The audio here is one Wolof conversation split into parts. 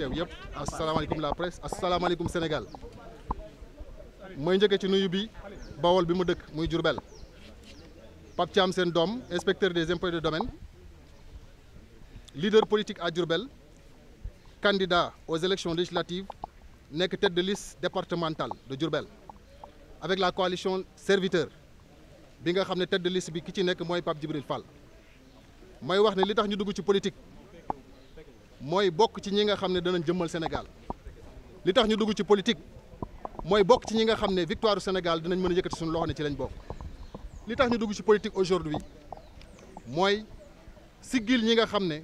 teew yëpp asalaamaaleykum la presse asalaamaaleykum Sénégal mooy njëkkee ci nuyu bi bawol bi mu dëkk muy Diourbel Pape am seen doom inspecteur des impôts de domaine leader politique à Diourbel candidat aux élections législatives nekk tête de liste de Diourbel avec la coalition serviteur bi nga xam ne tête de bi ki ci nekk mooy Pape Djibril Fall mooy wax ne li tax ñu dugg ci politique mooy bokk ci ñi nga xam ne danañ jëmmal Sénégal li tax ñu dugg ci politique mooy bokk ci ñi nga xam ne victoire du Sénégal dinañ mën a yëkkati suñu loxo ne ci lañ bokk li tax ñu dugg ci politique aujourd'hui mooy siggil ñi nga xam ne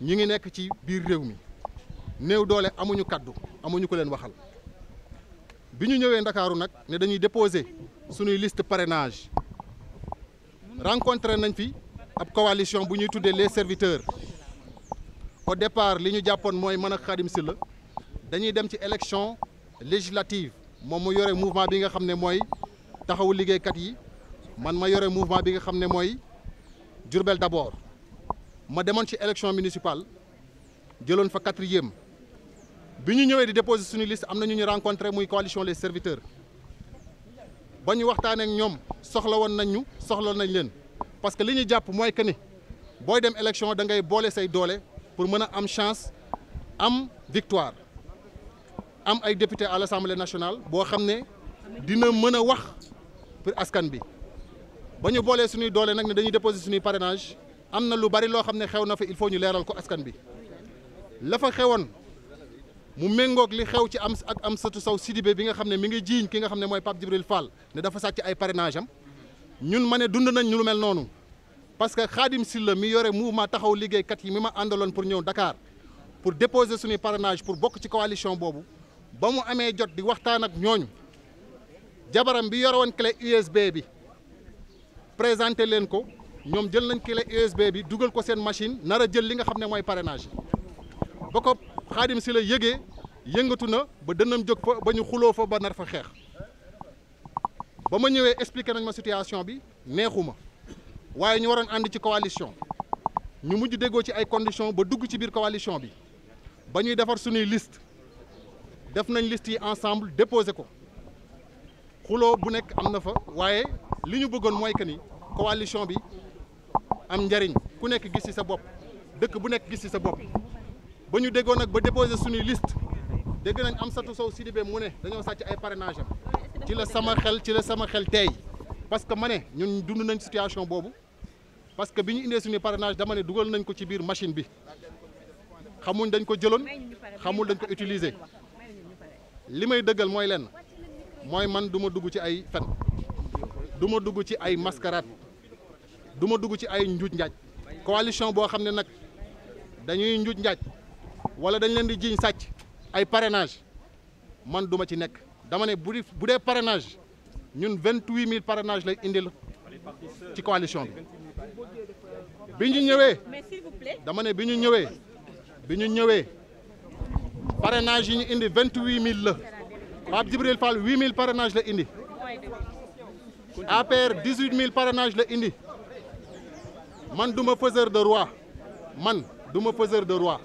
ñi ngi nekk ci biir réew mi néew doole amuñu kàddu amuñu ko leen waxal bi ñu ñëwee ndakaaru nag ne dañuy déposer suñuy liste parrainage rencontré nañ fi ab coalition bu ñuy tuddee les serviteurs au départ li ñu jàppoon mooy mën a Khadim Sylla dañuy dem ci élection législative moom mu yore mouvement bi nga xam ne mooy taxawu liggéeykat yi man ma yore mouvement bi nga xam ne mooy Diourbel d'abord ma demoon ci élection municipale jëloon fa quatrième bi ñu ñëwee di déposer suñu liste am na ñu ñu rencontré muy coalition les serviteurs ba ñu waxtaanee ñoom soxla woon nañ ñu soxla nañ leen parce que li ñu jàpp mooy que ni booy dem élection da ngay boole say doole. pour mën a am chance am victoire am ay député à l'Assemblée nationale boo xam ne dina mën a wax pour askan bi ba ñu boolee suñuy doole nag ne dañuy déposer suñuy parrainage am na lu bari loo xam ne xew na fa il faut ñu leeral ko askan bi la fa xewoon mu méngoog li xew ci am ak am satu saw Sidibé bi nga xam ne mi ngi jiiñ ki nga xam ne mooy Pape Djibril Fall ne dafa sàcc ay parrainage am ñun ma ne dund nañ ñu lu mel noonu parce que Khadim Sylla mi yore mouvement taxaw liggéeykat yi mi ma àndaloon pour ñëw Dakar pour déposer suñuy parrainage pour bokk ci coalition boobu ba mu amee jot di waxtaan ak ñooñu jabaram bi yore woon clé USB bi présenté leen ko ñoom jël nañ clé USB bi dugal ko seen machine nar a jël li nga xam ne mooy parrainage ba ko Khadim Sylla yëngatu na ba dënnam jóg fa ba ñu xuloo fa ba nara fa xeex ba ma ñëwee expliqué nañ ma situation bi neexu ma waaye ñu waroon ànd ci coalition ñu mujj déggoo ci ay conditions ba dugg ci biir coalition bi ba ñuy defar suñuy list def nañ liste yi ensemble déposé ko xuloo bu nekk am na fa waaye li ñu bëggoon mooy que ni coalition bi am njariñ ku nekk gis ci sa bopp dëkk bu nekk gis ci sa bopp ba ñu déggoo nag ba déposé suñuy liste dégg nañ Amsatou Sow Sidibé mu ne dañoo sàcc ay parrainage am ci la sama xel ci la sama xel tey parce que ma ne ñun dund nañ situation boobu parce que bi ñu indee suñu parrainage dama ne dugal nañ ko ci biir machine bi xamuñ dañ ko jëloon xamul dañ ko utiliser li may dëggal mooy leen mooy man du ma dugg ci ay fen duma dugg ci ay mascarade duma dugg ci ay njuuj njaaj coalition boo xam ne nag dañuy njuuj njaaj wala dañ leen di jiiñ sàcc ay parrainage man duma ci nekk dama ne bu bu dee parenage ñun vingt-huit mille parrainage lay indil ci coalition bi bi ñu ñëwee dama ne bi ñu ñëwee bi ñu ñëwee parrainage yi ñu indi vingt huit mille la Pape Djibril Fall huit mille parrainage la indi APR dix huit mille parrainage la indi man du ma faiseur de roi man du ma faiseur de roi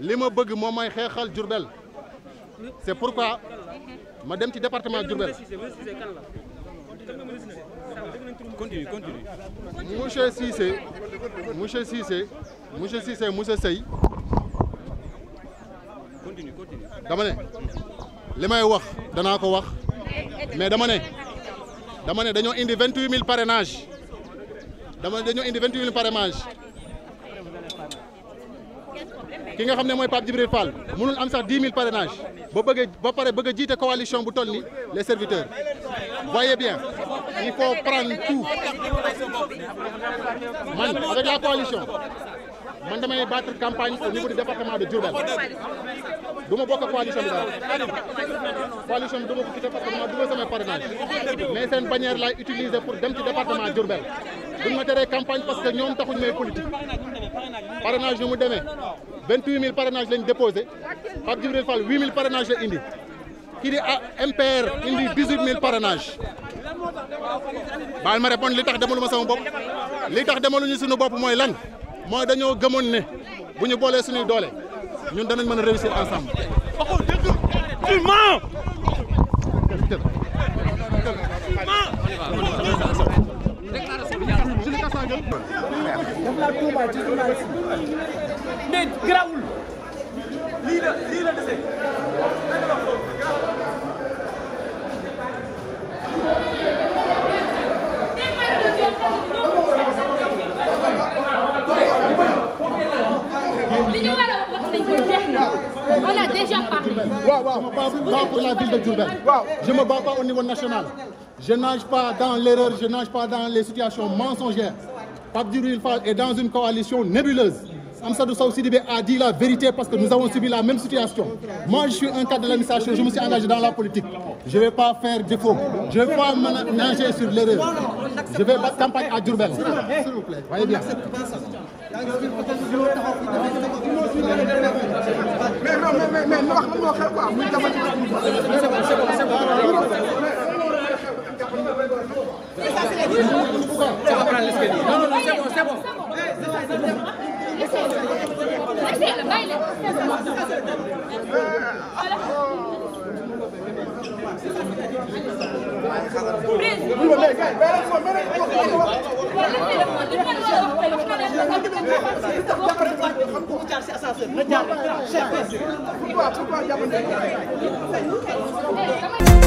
li ma bëgg moom mooy xeexal Diourbel c'est pourquoi ma dem ci département Diourbel continue continue. monsieur Cissé monsieur Cissé monsieur Cissé monsieur Seye. continue continue. dama ne li may wax danaa ko wax mais dama ne dama ne dañoo indi vingt huit mille parrainages dama ne dañoo indi vingt huit mille parrainages ki nga xam ne mooy Pape Djibril Fall mënul am sax dix mille parrainages ba bëggee ba pare bëgg jiite coalition bu toll ni les serviteurs voyez bien. il faut prendre tout man avec la man damay battre campagne au niveau du département de Diourbel du ma bokk coalition bi daal coalition bi du ma ko ci département du ma samay parrainage dem ci département Diourbel duñ ma teree campagne parce que ñoom taxuñ may politique parrainage nu mu demee 28000 parrainage lañ déposé Pape Djibril Fall 8000 parrainage la indi kii di MPR indi 18000 parrainage baal ma répondre li tax demalu ma sama bopp li tax demaluñu suñu bopp mooy lan mooy dañoo gëmoon ne bu ñu boolee suñuy doole ñun danañ mën a réussir ensemble. mais grawul waaw waaw je me bats pour la ville de Diourbel. nage pas dans l'erreur je nage pas dans les situations mensongères Pape Djibril Fall est dans une coalition nébuleuse. Amsadou Sow Sidibé a dit la vérité parce que nous avons subi la même situation. Moi, je suis un cadre de l'administration, je me suis engagé dans la politique. Je ne vais pas faire défaut. Je ne vais pas nager sur l'erreur. Je vais battre campagne à Durbel. S'il vous plaît. Voyez bien. C'est bon, c'est bon. Pourquoi, pourquoi,